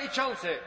Przewodniczący!